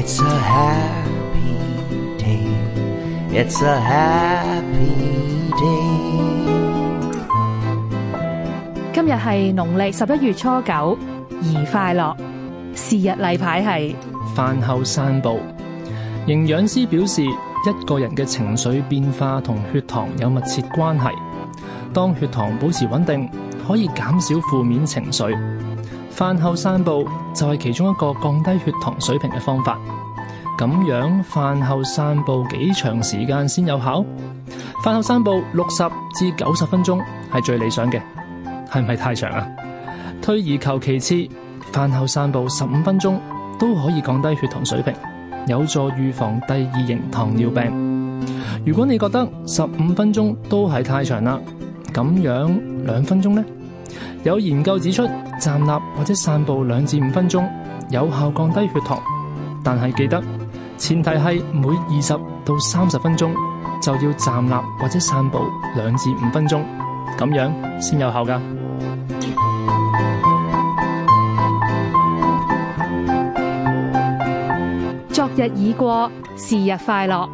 It's a happy day. It's a happy day. 今日係農曆十一月初九，宜快樂。日是日例牌係飯後散步。營養師表示，一個人嘅情緒變化同血糖有密切關係。當血糖保持穩定，可以減少負面情緒。飯後散步就係其中一個降低血糖水平嘅方法，咁樣飯後散步幾長時間先有效？飯後散步六十至九十分鐘係最理想嘅，係唔係太長啊？退而求其次，飯後散步十五分鐘都可以降低血糖水平，有助預防第二型糖尿病。如果你覺得十五分鐘都係太長啦，咁樣兩分鐘呢？有研究指出，站立或者散步兩至五分鐘，有效降低血糖。但係記得，前提係每二十到三十分鐘就要站立或者散步兩至五分鐘，咁樣先有效㗎。昨日已過，是日快樂。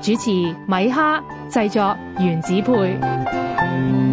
主持米哈，製作原子配。